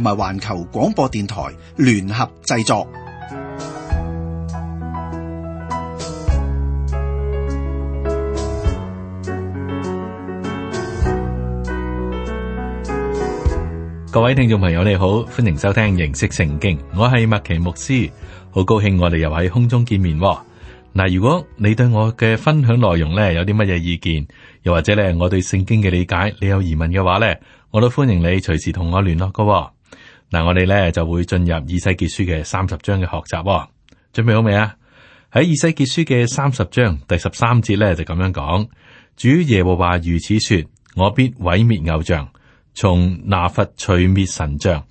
同埋環球廣播電台聯合製作。各位聽眾朋友，你好，歡迎收聽認識聖經。我係麥奇牧師，好高興我哋又喺空中見面。嗱，如果你對我嘅分享內容呢有啲乜嘢意見，又或者咧我對聖經嘅理解，你有疑問嘅話呢，我都歡迎你隨時同我聯絡噶。嗱，我哋咧就會進入以西結書嘅三十章嘅學習、哦，準備好未啊？喺以西結書嘅三十章第十三節咧就咁樣講：主耶和華如此說，我必毀滅偶像，從挪弗除滅神像，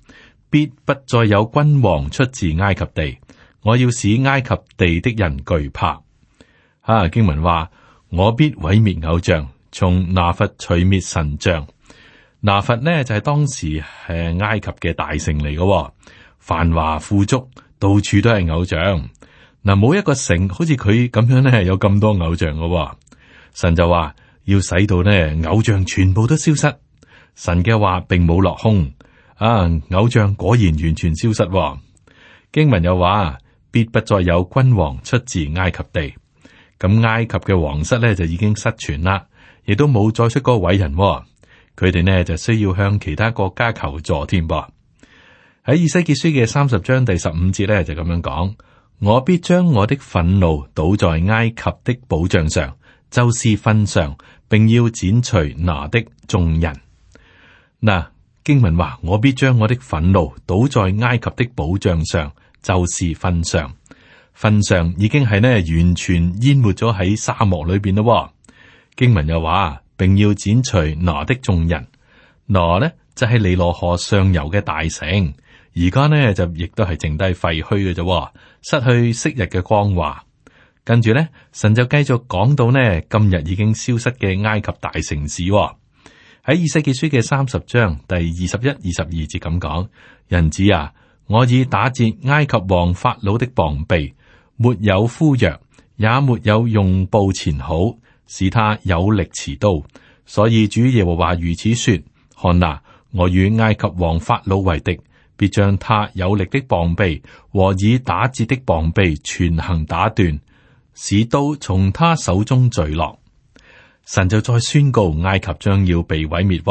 必不再有君王出自埃及地。我要使埃及地的人懼怕。哈、啊、經文話：我必毀滅偶像，從挪弗除滅神像。挪弗呢就係、是、當時係埃及嘅大城嚟嘅、哦，繁華富足，到處都係偶像。嗱，冇一個城好似佢咁樣呢，有咁多偶像嘅、哦。神就話要使到呢偶像全部都消失。神嘅話並冇落空啊，偶像果然完全消失、哦。經文又話，必不再有君王出自埃及地。咁埃及嘅皇室呢就已經失傳啦，亦都冇再出個偉人、哦。佢哋呢就需要向其他國家求助添噃。喺以西結書嘅三十章第十五節呢就咁樣講：我必將我的憤怒倒在埃及的保障上，就是訓上，並要剪除拿的眾人。嗱，經文話：我必將我的憤怒倒在埃及的保障上，就是訓上。訓上已經係呢完全淹沒咗喺沙漠裏邊咯。經文又話。並要剪除挪的眾人，挪呢就係尼羅河上游嘅大城，而家呢，就亦都係剩低廢墟嘅啫，失去昔日嘅光華。跟住呢，神就繼續講到呢，今日已經消失嘅埃及大城市。哦，喺《以西結書》嘅三十章第二十一、二十二節咁講：人子啊，我已打折埃及王法老的膀臂，沒有敷藥，也沒有用布纏好。使他有力持刀，所以主耶和華如此說：看哪，我與埃及王法老為敵，必將他有力的膀臂和以打折的膀臂全行打斷，使刀從他手中墜落。神就再宣告埃及將要被毀滅。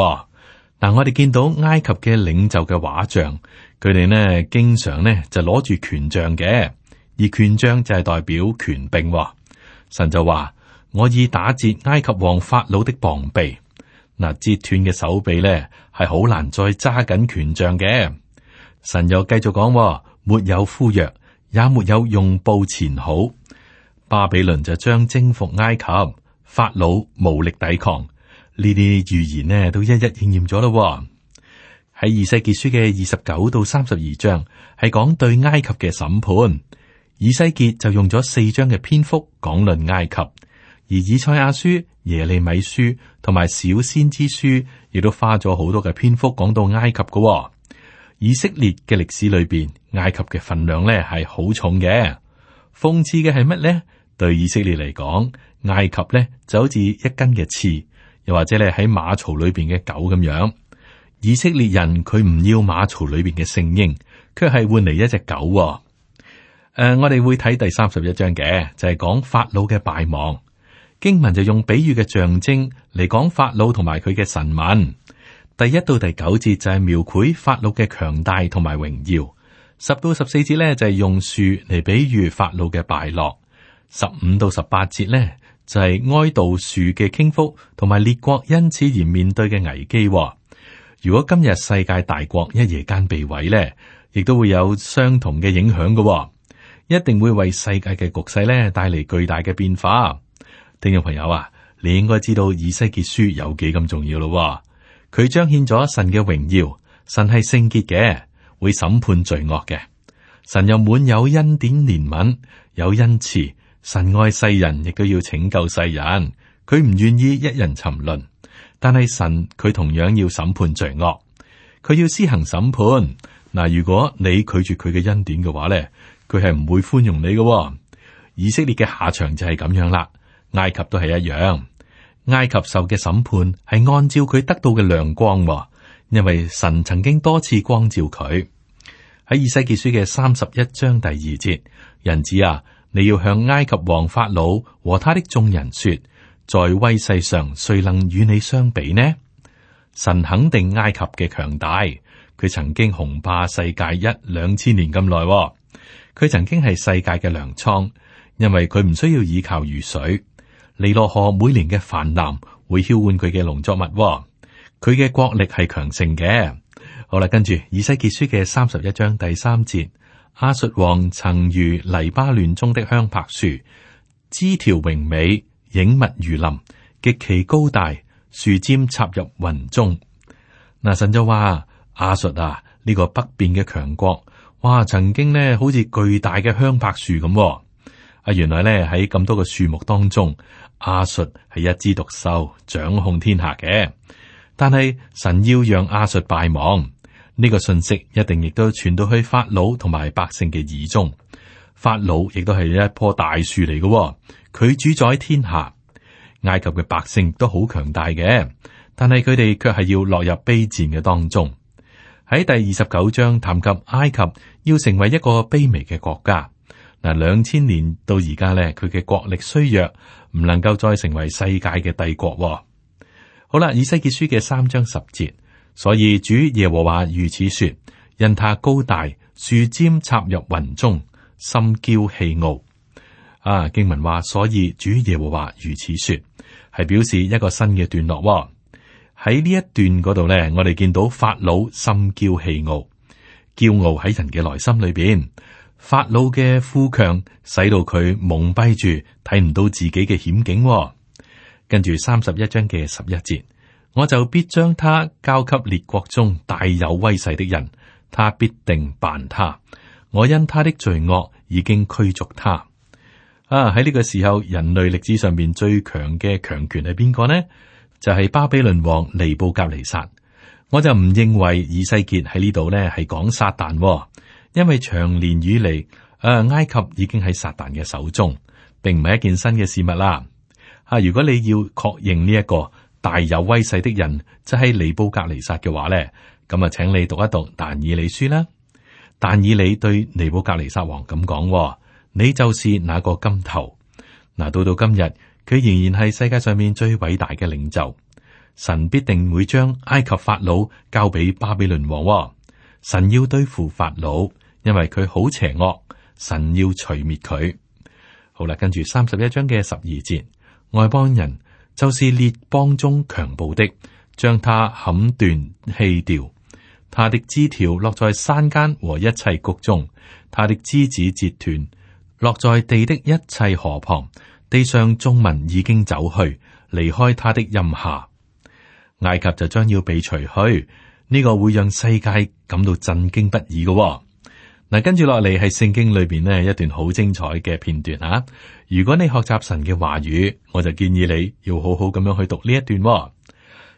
嗱、啊，我哋見到埃及嘅領袖嘅畫像，佢哋呢經常呢就攞住權杖嘅，而權杖就係代表權柄。神就話。我已打折埃及王法老的膀臂，嗱，折斷嘅手臂呢係好難再揸緊權杖嘅。神又繼續講，哦，沒有敷藥，也沒有用布纏好。巴比倫就將征服埃及，法老無力抵抗。呢啲預言咧，都一一應驗咗啦。喺《以西結書》嘅二十九到三十二章，係講對埃及嘅審判。以西結就用咗四章嘅篇幅講論埃及。而以賽亞書、耶利米書同埋小先知書，亦都花咗好多嘅篇幅講到埃及噶、哦。以色列嘅歷史裏邊，埃及嘅份量咧係好重嘅。諷刺嘅係乜咧？對以色列嚟講，埃及咧就好似一根嘅刺，又或者咧喺馬槽裏邊嘅狗咁樣。以色列人佢唔要馬槽裏邊嘅聖嬰，卻係換嚟一隻狗、哦。誒、呃，我哋會睇第三十一章嘅，就係、是、講法老嘅敗亡。經文就用比喻嘅象徵嚟講法老同埋佢嘅神文，第一到第九節就係描繪法老嘅強大同埋榮耀。十到十四節呢，就係用樹嚟比喻法老嘅敗落。十五到十八節呢，就係哀悼樹嘅傾覆同埋列國因此而面對嘅危機。如果今日世界大國一夜間被毀呢，亦都會有相同嘅影響㗎，一定會為世界嘅局勢呢帶嚟巨大嘅變化。聽眾朋友啊，你應該知道以西結書有幾咁重要咯。佢彰顯咗神嘅榮耀，神係聖潔嘅，會審判罪惡嘅。神又滿有恩典憐憫，有恩慈。神愛世人，亦都要拯救世人。佢唔願意一人沉淪，但係神佢同樣要審判罪惡，佢要施行審判。嗱，如果你拒絕佢嘅恩典嘅話咧，佢係唔會寬容你嘅。以色列嘅下場就係咁樣啦。埃及都係一樣，埃及受嘅審判係按照佢得到嘅亮光，因為神曾經多次光照佢。喺《以西結書》嘅三十一章第二節，人子啊，你要向埃及王法老和他的眾人說：在威勢上，誰能與你相比呢？神肯定埃及嘅強大，佢曾經雄霸世界一兩千年咁耐，佢曾經係世界嘅糧倉，因為佢唔需要倚靠雨水。尼羅河每年嘅泛濫會毀壞佢嘅農作物、哦。佢嘅國力係強盛嘅。好啦，跟住以西結書嘅三十一章第三節，亞述王曾如黎巴嫩中的香柏樹，枝條榮美，影密如林，極其高大，樹尖插入雲中。嗱，神就話：亞述啊，呢、這個北邊嘅強國，哇，曾經呢好似巨大嘅香柏樹咁。啊，原來呢，喺咁多嘅樹木當中。阿術係一枝獨秀，掌控天下嘅。但係神要讓阿術敗亡，呢、這個信息一定亦都傳到去法老同埋百姓嘅耳中。法老亦都係一棵大樹嚟嘅，佢主宰天下。埃及嘅百姓都好強大嘅，但係佢哋卻係要落入卑賤嘅當中。喺第二十九章談及埃及要成為一個卑微嘅國家。嗱，兩千年到而家咧，佢嘅國力衰弱，唔能夠再成為世界嘅帝國，哦。好啦，《以西結書》嘅三章十節，所以主耶和華如此說：因他高大，樹尖插入雲中，心驕氣傲。啊，經文話，所以主耶和華如此說，係表示一個新嘅段落哦，喺呢一段嗰度咧，我哋見到法老心驕氣傲，驕傲喺人嘅內心裏邊。法老嘅富強使到佢蒙蔽住，睇唔到自己嘅險境哦。跟住三十一章嘅十一節，我就必將他交給列國中大有威勢的人，他必定辦他。我因他的罪惡已經驅逐他。啊！喺呢個時候，人類歷史上面最強嘅強權係邊個呢？就係巴比倫王尼布甲尼撒。我就唔認為以西結喺呢度呢係講撒旦哦。因為長年以嚟，誒，埃及已經喺撒旦嘅手中，並唔係一件新嘅事物啦。吓，如果你要確認呢一個大有威勢的人，即係尼布格尼撒嘅話咧，咁啊，請你讀一讀但以理書啦。但以理對尼布格尼撒王咁講，你就是那個金頭。嗱，到到今日，佢仍然係世界上面最偉大嘅領袖。神必定會將埃及法老交俾巴比倫王。神要對付法老。因為佢好邪惡，神要除滅佢。好啦，跟住三十一章嘅十二節，外邦人就是列邦中強暴的，將他砍斷棄掉，他的枝條落在山間和一切谷中，他的枝子折斷落在地的一切河旁，地上眾民已經走去離開他的蔭下，埃及就將要被除去。呢、這個會讓世界感到震驚不已嘅、哦。嗱，跟住落嚟係聖經裏邊呢一段好精彩嘅片段啊。如果你學習神嘅話語，我就建議你要好好咁樣去讀呢一段。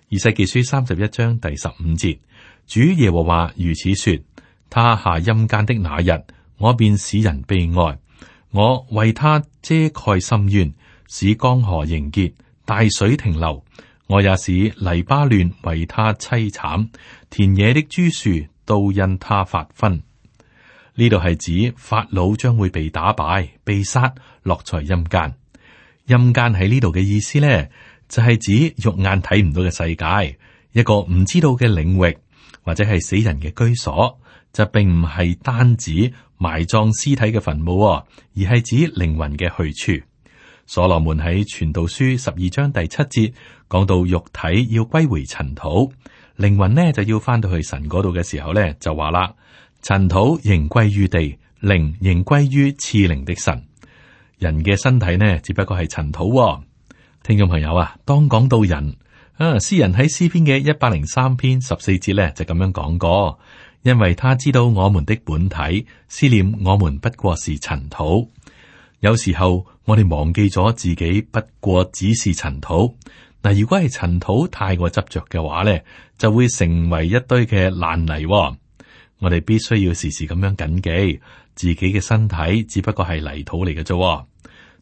以西結書三十一章第十五節，主耶和華如此說：他下陰間的那日，我便使人悲哀；我為他遮蓋深淵，使江河凝結，大水停留；我也使泥巴亂為他淒慘，田野的諸樹都因他發昏。呢度係指法老將會被打敗、被殺，落在陰間。陰間喺呢度嘅意思咧，就係指肉眼睇唔到嘅世界，一個唔知道嘅領域，或者係死人嘅居所，就並唔係單指埋葬屍體嘅墳墓，而係指靈魂嘅去處。所羅門喺傳道書十二章第七節講到，肉體要歸回塵土，靈魂呢就要翻到去神嗰度嘅時候咧，就話啦。塵土仍歸於地，靈仍歸於賜靈的神。人嘅身體呢，只不過係塵土喎。聽眾朋友啊，當講到人啊，詩人喺詩篇嘅一百零三篇十四節呢，就咁樣講過。因為他知道我們的本體，思念我們不過是塵土。有時候我哋忘記咗自己不過只是塵土。嗱，如果係塵土太過執着嘅話呢，就會成為一堆嘅爛泥喎。我哋必須要時時咁樣謹記，自己嘅身體只不過係泥土嚟嘅啫。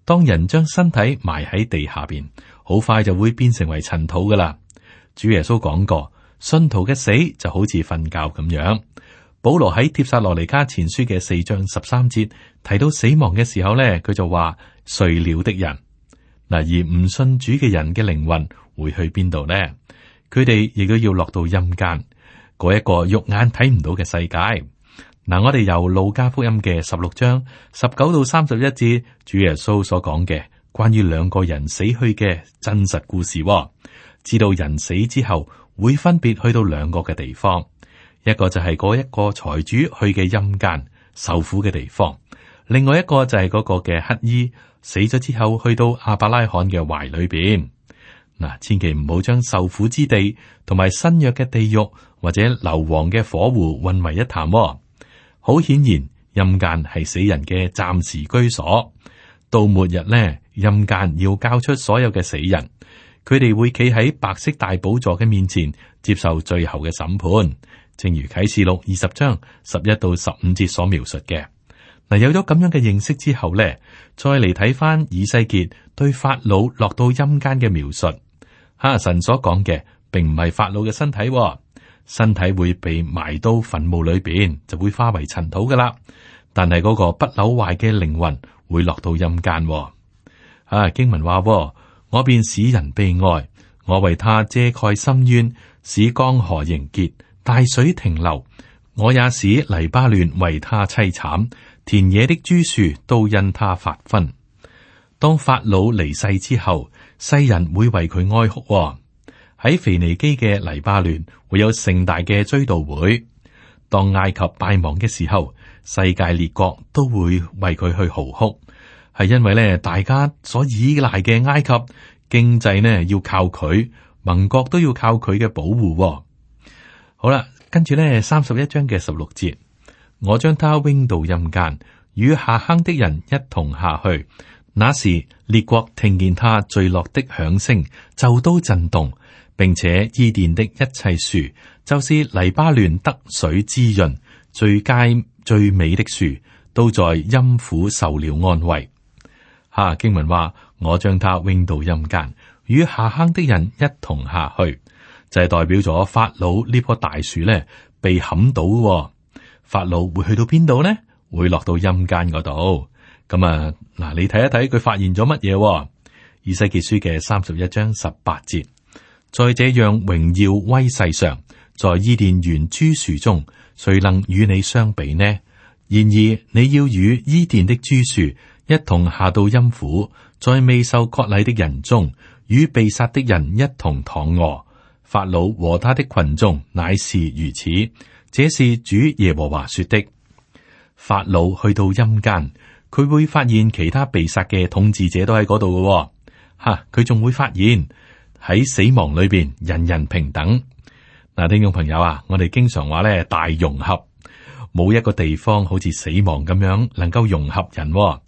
當人將身體埋喺地下邊，好快就會變成為塵土噶啦。主耶穌講過，信徒嘅死就好似瞓覺咁樣。保羅喺帖撒羅尼迦前書嘅四章十三節提到死亡嘅時候咧，佢就話睡了的人嗱。而唔信主嘅人嘅靈魂會去邊度呢？佢哋亦都要落到陰間。嗰一個肉眼睇唔到嘅世界，嗱，我哋由路加福音嘅十六章十九到三十一節，主耶穌所講嘅關於兩個人死去嘅真實故事，哦，知道人死之後會分別去到兩個嘅地方，一個就係嗰一個財主去嘅陰間受苦嘅地方，另外一個就係嗰個嘅乞衣死咗之後去到亞伯拉罕嘅懷裏邊。嗱，千祈唔好將受苦之地同埋新約嘅地獄或者硫磺嘅火湖混為一談，哦。好顯然，陰間係死人嘅暫時居所。到末日呢，陰間要交出所有嘅死人，佢哋會企喺白色大寶座嘅面前接受最後嘅審判，正如啟示錄二十章十一到十五節所描述嘅。嗱，有咗咁樣嘅認識之後呢，再嚟睇翻以西結對法老落到陰間嘅描述。哈、啊！神所講嘅並唔係法老嘅身體、哦，身體會被埋到墳墓裏邊，就會化為塵土噶啦。但係嗰個不朽壞嘅靈魂會落到陰間、哦。啊！經文話、哦：我便使人悲哀，我為他遮蓋深淵，使江河凝結，大水停留。我也使黎巴嫩，為他淒慘，田野的諸樹都因他發昏。當法老離世之後。世人會為佢哀哭喎、哦，喺腓尼基嘅黎巴嫩會有盛大嘅追悼會。當埃及敗亡嘅時候，世界列國都會為佢去嚎哭，係因為咧大家所依賴嘅埃及經濟呢，要靠佢，盟國都要靠佢嘅保護、哦。好啦，跟住咧三十一章嘅十六節，我將他扔到陰間，與下坑的人一同下去。那時列國聽見他墜落的響聲，就都震動，並且伊甸的一切樹，就是黎巴嫩得水滋潤、最佳最美的樹，都在陰府受了安慰。哈經文話：我將他扔到陰間，與下坑的人一同下去，就係、是、代表咗法老呢棵大樹咧被砍倒、哦。法老會去到邊度呢？會落到陰間嗰度。咁啊，嗱，你睇一睇佢發現咗乜嘢？二《以西結書》嘅三十一章十八節，在這樣榮耀威勢上，在伊甸園諸樹中，誰能與你相比呢？然而你要與伊甸的諸樹一同下到陰府，在未受割禮的人中，與被殺的人一同躺卧。法老和他的群眾乃是如此。這是主耶和華說的。法老去到陰間。佢會發現其他被殺嘅統治者都喺嗰度嘅，吓佢仲會發現喺死亡裏邊人人平等。嗱、啊，聽眾朋友啊，我哋經常話咧大融合，冇一個地方好似死亡咁樣能夠融合人、哦，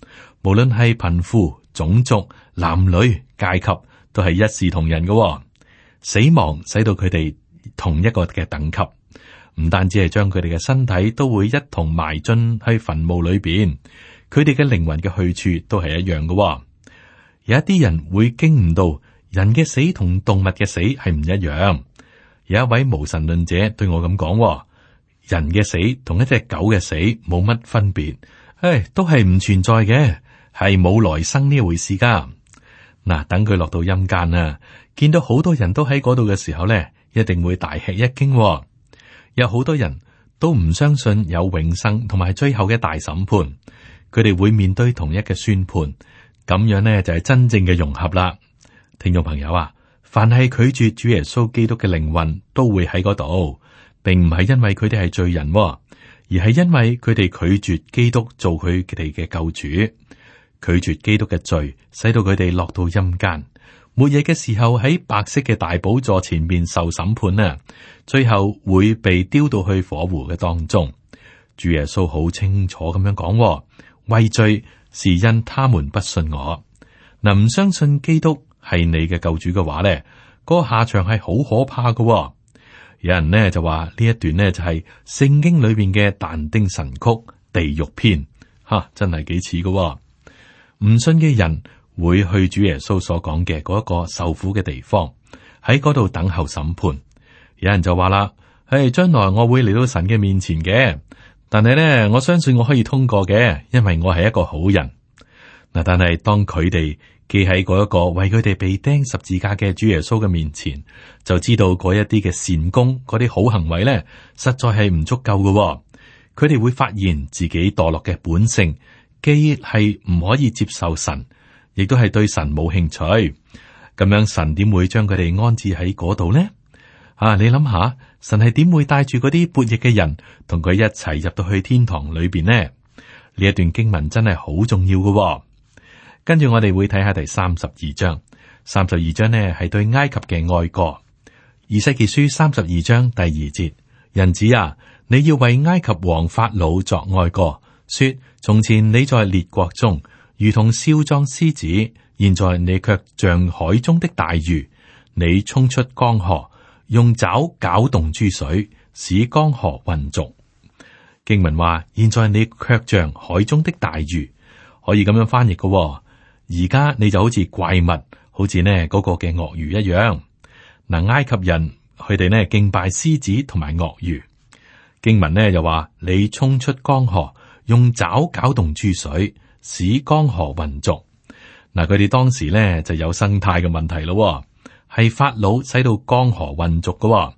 無論係貧富、種族、男女、階級，都係一視同仁嘅、哦。死亡使到佢哋同一個嘅等級，唔單止係將佢哋嘅身體都會一同埋進喺墳墓裏邊。佢哋嘅靈魂嘅去處都係一樣嘅、哦。有一啲人會驚唔到人嘅死同動物嘅死係唔一樣。有一位無神論者對我咁講、哦，人嘅死同一隻狗嘅死冇乜分別，唉、哎，都係唔存在嘅，係冇來生呢回事。噶、啊、嗱，等佢落到陰間啦，見到好多人都喺嗰度嘅時候咧，一定會大吃一驚、哦。有好多人都唔相信有永生，同埋最後嘅大審判。佢哋會面對同一嘅宣判，咁樣咧就係真正嘅融合啦。聽眾朋友啊，凡係拒絕主耶穌基督嘅靈魂，都會喺嗰度，並唔係因為佢哋係罪人，而係因為佢哋拒絕基督做佢哋嘅救主，拒絕基督嘅罪，使到佢哋落到陰間，末日嘅時候喺白色嘅大寶座前面受審判啊，最後會被丟到去火湖嘅當中。主耶穌好清楚咁樣講。畏罪是因他們不信我，能、呃、唔相信基督係你嘅救主嘅話咧，嗰個下場係好可怕嘅、哦。有人咧就話呢一段咧就係、是、聖經裏邊嘅但丁神曲地獄篇，吓真係幾似嘅。唔信嘅人會去主耶穌所講嘅嗰一個受苦嘅地方，喺嗰度等候審判。有人就話啦，唉，將來我會嚟到神嘅面前嘅。但係咧，我相信我可以通過嘅，因為我係一個好人。嗱，但係當佢哋記喺嗰一個為佢哋被釘十字架嘅主耶穌嘅面前，就知道嗰一啲嘅善功，嗰啲好行為咧，實在係唔足夠嘅喎。佢哋會發現自己墮落嘅本性，既係唔可以接受神，亦都係對神冇興趣。咁樣神點會將佢哋安置喺嗰度呢？啊！你諗下，神係點會帶住嗰啲叛逆嘅人同佢一齊入到去天堂裏邊呢？呢一段經文真係好重要嘅。哦，跟住我哋會睇下第三十二章。三十二章呢係對埃及嘅哀歌。以西結書三十二章第二節，人子啊，你要為埃及王法老作哀歌，說從前你在列國中如同少壯獅子，現在你卻像海中的大魚，你衝出江河。用爪攪動諸水，使江河渾濁。經文話：現在你卻像海中的大魚，可以咁樣翻譯㗎。而家你就好似怪物，好似呢嗰個嘅鱷魚一樣。嗱，埃及人佢哋呢敬拜獅子同埋鱷魚。經文呢又話：你衝出江河，用爪攪動諸水，使江河渾濁。嗱，佢哋當時呢就有生態嘅問題咯。係法老使到江河渾濁噶。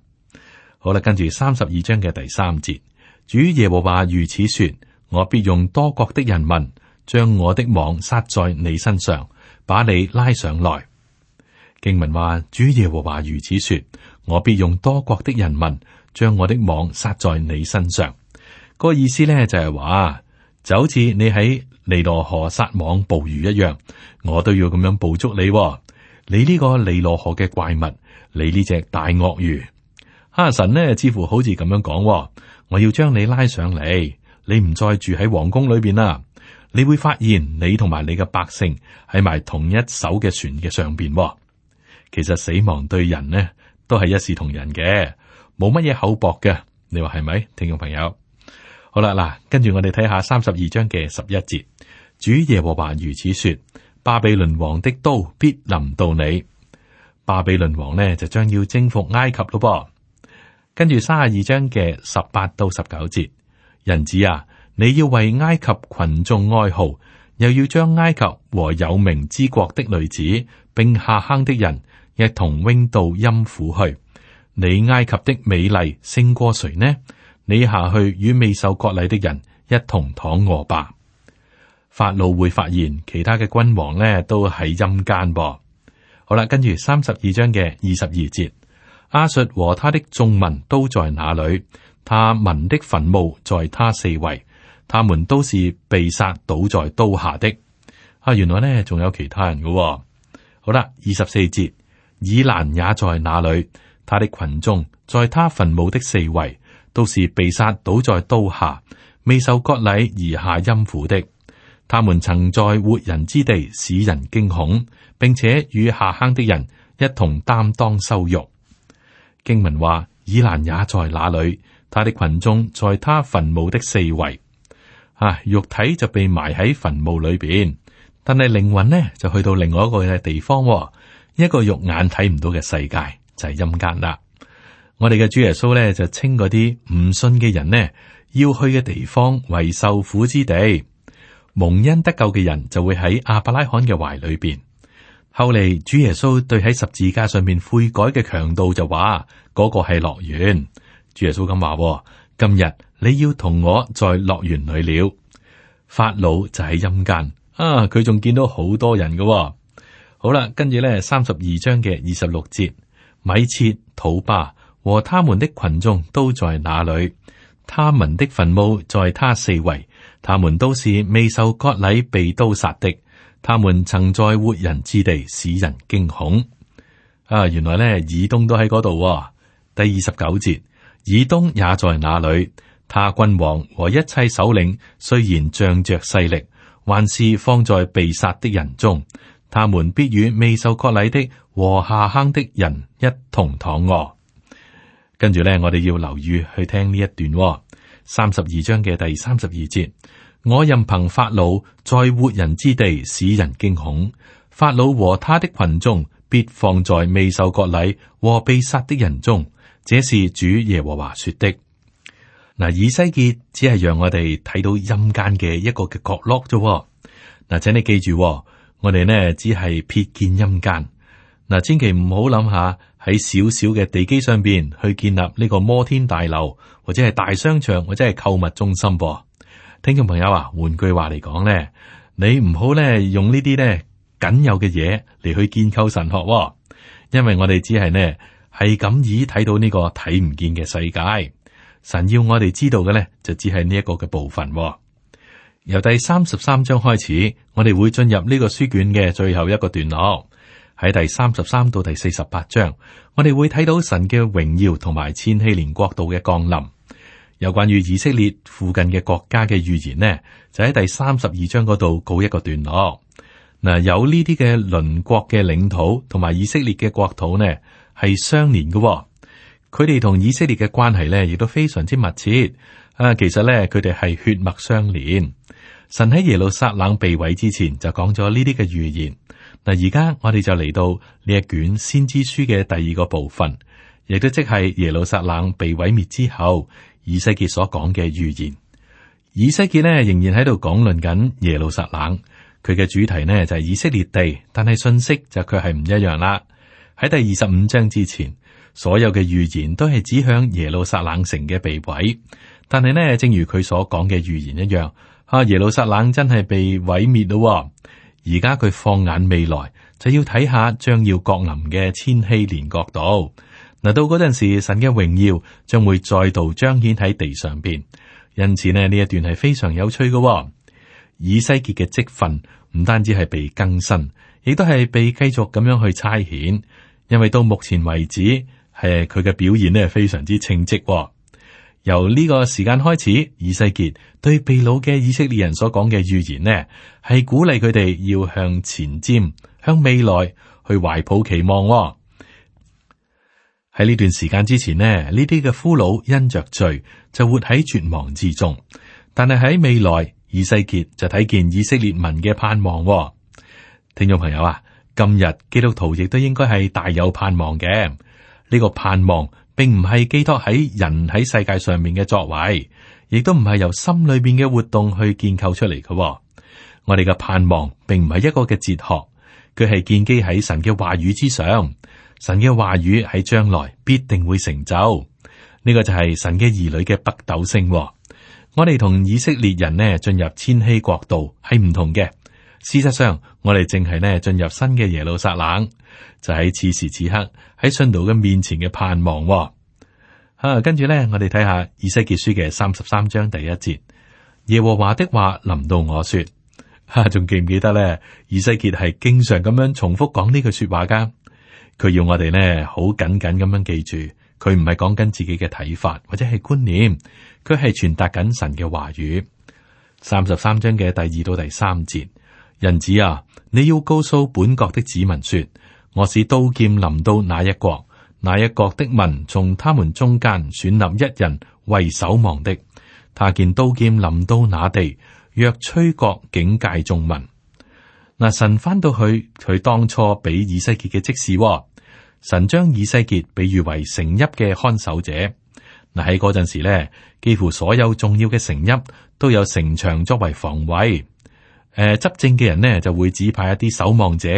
好啦，跟住三十二章嘅第三節，主耶和華如此說：我必用多國的人民將我的網撒在你身上，把你拉上來。經文話：主耶和華如此說：我必用多國的人民將我的網撒在你身上。那個意思咧就係話，就好似你喺尼羅河撒網捕魚一樣，我都要咁樣捕捉你哦。你呢個尼羅河嘅怪物，你呢隻大鱷魚，哈，神呢，似乎好似咁樣講，我要將你拉上嚟，你唔再住喺皇宮裏邊啦，你會發現你同埋你嘅百姓喺埋同一艘嘅船嘅上邊。其實死亡對人呢都係一視同仁嘅，冇乜嘢厚薄嘅，你話係咪，聽眾朋友？好啦，嗱，跟住我哋睇下三十二章嘅十一節，主耶和華如此說。巴比倫王的刀必臨到你，巴比倫王呢，就將要征服埃及咯噃。跟住三十二章嘅十八到十九節，人子啊，你要為埃及群眾哀號，又要將埃及和有名之國的女子，並下坑的人，一同扔到陰府去。你埃及的美麗勝過誰呢？你下去與未受割禮的人一同躺臥吧。法老會發現其他嘅君王呢，都喺陰間噃。好啦，跟住三十二章嘅二十二節，亞述和他的眾民都在哪裡？他民的墳墓在他四圍，他們都是被殺倒在刀下的。啊，原來呢，仲有其他人噶、哦。好啦，二十四節，以攔也在哪裡？他的群眾在他墳墓的四圍，都是被殺倒在刀下，未受割禮而下陰府的。他們曾在活人之地使人驚恐，並且與下坑的人一同擔當羞辱。經文話：以攔也在那裏，他的群眾在他墳墓的四圍啊，肉體就被埋喺墳墓裏邊，但係靈魂呢，就去到另外一個嘅地方，一個肉眼睇唔到嘅世界，就係陰間啦。我哋嘅主耶穌咧就稱嗰啲唔信嘅人呢，要去嘅地方為受苦之地。蒙恩得救嘅人就會喺亞伯拉罕嘅懷裏邊。後嚟主耶穌對喺十字架上面悔改嘅強盜就話：嗰、那個係樂園。主耶穌咁話、哦：今日你要同我在樂園裏了。法老就喺陰間啊，佢仲見到好多人嘅、哦。好啦，跟住咧三十二章嘅二十六節，米設土巴和他們的群眾都在那裏。他們的墳墓在他四圍。他們都是未受割禮被刀殺的，他們曾在活人之地使人驚恐。啊，原來咧，以東都喺嗰度。第二十九節，以東也在那裏。他君王和一切首領雖然仗着勢力，還是放在被殺的人中。他們必與未受割禮的和下坑的人一同躺卧、哦。跟住咧，我哋要留意去聽呢一段、哦。三十二章嘅第三十二節，我任憑法老在活人之地使人驚恐，法老和他的群眾必放在未受割禮和被殺的人中，這是主耶和華說的。嗱，以西結只係讓我哋睇到陰間嘅一個嘅角落啫。嗱，請你記住，我哋呢只係瞥見陰間，嗱，千祈唔好諗下。喺少少嘅地基上邊去建立呢個摩天大樓或者係大商場或者係購物中心噃，聽眾朋友啊，換句話嚟講咧，你唔好咧用呢啲咧僅有嘅嘢嚟去建構神學，因為我哋只係咧係咁意睇到呢個睇唔見嘅世界，神要我哋知道嘅咧就只係呢一個嘅部分。由第三十三章開始，我哋會進入呢個書卷嘅最後一個段落。喺第三十三到第四十八章，我哋會睇到神嘅榮耀同埋千禧年國度嘅降臨。有關於以色列附近嘅國家嘅預言呢，就喺第三十二章嗰度告一個段落。嗱，有呢啲嘅鄰國嘅領土同埋以色列嘅國土呢，係相連嘅哦。佢哋同以色列嘅關係呢，亦都非常之密切。啊，其實呢，佢哋係血脈相連。神喺耶路撒冷被毀之前就講咗呢啲嘅預言。嗱，而家我哋就嚟到呢一卷先知書嘅第二個部分，亦都即係耶路撒冷被毀滅之後，以西結所講嘅預言。以西結呢仍然喺度講論緊耶路撒冷，佢嘅主題呢就係以色列地，但係信息就佢係唔一樣啦。喺第二十五章之前，所有嘅預言都係指向耶路撒冷城嘅被毀，但係呢正如佢所講嘅預言一樣，啊，耶路撒冷真係被毀滅咯。而家佢放眼未來，就要睇下將要降臨嘅千禧年國度。嗱，到嗰陣時，神嘅榮耀將會再度彰顯喺地上邊。因此呢，呢一段係非常有趣嘅。以西結嘅職分唔單止係被更新，亦都係被繼續咁樣去差遣，因為到目前為止，係佢嘅表現呢非常之稱職。由呢個時間開始，以西結對被擄嘅以色列人所講嘅預言呢，係鼓勵佢哋要向前瞻、向未來去懷抱期望，哦。喺呢段時間之前呢，呢啲嘅俘虜因着罪就活喺絕望之中，但係喺未來，以西結就睇見以色列民嘅盼望，哦。聽眾朋友啊，今日基督徒亦都應該係大有盼望嘅，呢、呢個盼望。並唔係寄託喺人喺世界上面嘅作為，亦都唔係由心裏邊嘅活動去建構出嚟嘅。我哋嘅盼望，並唔係一個嘅哲學，佢係建基喺神嘅話語之上。神嘅話語喺將來必定會成就。呢個就係神嘅兒女嘅北斗星。我哋同以色列人呢，進入千禧國度係唔同嘅。事實上，我哋正係咧進入新嘅耶路撒冷，就喺此時此刻喺信道嘅面前嘅盼望，哦。吓、啊，跟住咧，我哋睇下以西結書嘅三十三章第一節，耶和華的話臨到我說：吓，仲、啊、記唔記得咧？以西結係經常咁樣重複講呢句說話噶，佢要我哋呢好緊緊咁樣記住，佢唔係講緊自己嘅睇法或者係觀念，佢係傳達緊神嘅話語。三十三章嘅第二到第三節。人子啊，你要告訴本國的子民說：我使刀劍臨到那一國，那一國的民從他們中間選立一人為守望的。他見刀劍臨到那地，若吹角警戒眾民。嗱，神返到去佢當初俾以西結嘅職事，神將以西結比喻為城邑嘅看守者。嗱喺嗰陣時呢，幾乎所有重要嘅城邑都有城牆作為防衛。誒，執政嘅人呢就會指派一啲守望者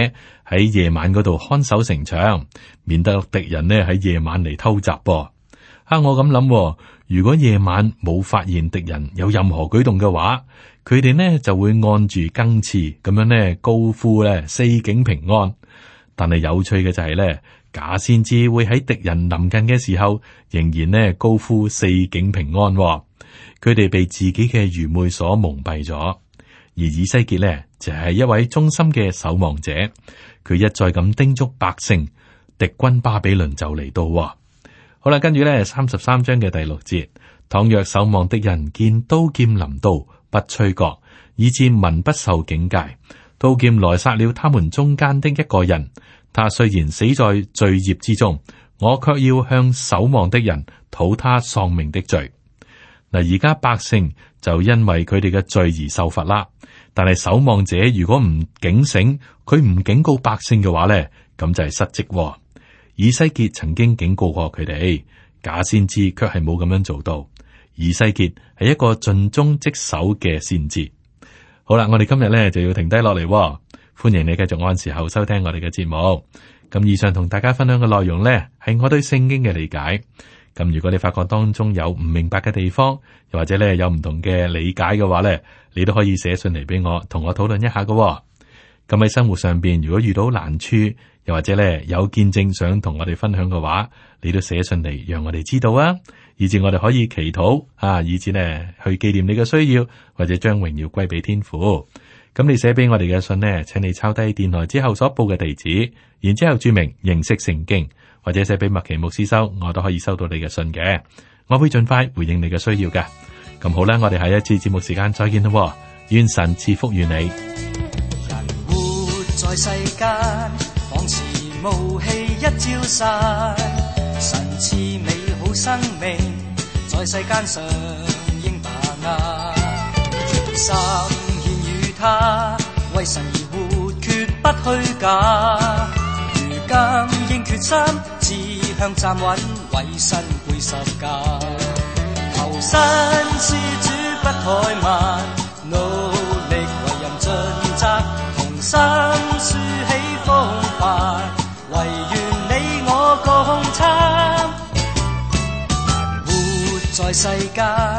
喺夜晚嗰度看守城牆，免得敵人呢喺夜晚嚟偷襲噃。啊，我咁諗喎，如果夜晚冇發現敵人有任何舉動嘅話，佢哋呢就會按住更次咁樣呢高呼咧，四境平安。但係有趣嘅就係咧，假先知會喺敵人臨近嘅時候，仍然呢高呼四境平安喎。佢哋被自己嘅愚昧所蒙蔽咗。而以西結呢，就係、是、一位忠心嘅守望者，佢一再咁叮囑百姓，敵軍巴比倫就嚟到、哦。好啦，跟住呢三十三章嘅第六節，倘若守望的人見刀劍臨到，不吹角，以致民不受警戒，刀劍來殺了他們中間的一個人，他雖然死在罪孽之中，我卻要向守望的人討他喪命的罪。嗱，而家百姓就因為佢哋嘅罪而受罰啦。但係守望者如果唔警醒，佢唔警告百姓嘅話咧，咁就係失職。以西結曾經警告過佢哋假先知，卻係冇咁樣做到。以西結係一個盡忠職守嘅先知。好啦，我哋今日咧就要停低落嚟。歡迎你繼續按時候收聽我哋嘅節目。咁以上同大家分享嘅內容咧，係我對聖經嘅理解。咁如果你發覺當中有唔明白嘅地方，又或者咧有唔同嘅理解嘅話咧，你都可以寫信嚟俾我，同我討論一下㗎喎。咁喺生活上邊，如果遇到難處，又或者咧有見證想同我哋分享嘅話，你都寫信嚟，讓我哋知道啊。以至我哋可以祈禱啊，以至呢去紀念你嘅需要，或者將榮耀歸俾天父。咁你寫俾我哋嘅信呢，請你抄低電台之後所報嘅地址，然之後注明認識聖經。或者寫俾麥其牧師收，我都可以收到你嘅信嘅，我會盡快回應你嘅需要嘅。咁好啦，我哋下一次節目時間再見啦，願神賜福於你。人活在世間，仿似霧氣一朝散，神賜美好生命，在世間上應把握，心獻與他，為神而活，決不虛假。如今應決心。向站穩，委身背十架，求生事主不怠慢，努力為人盡責，同心豎起風帆，唯願你我共參，活在世間。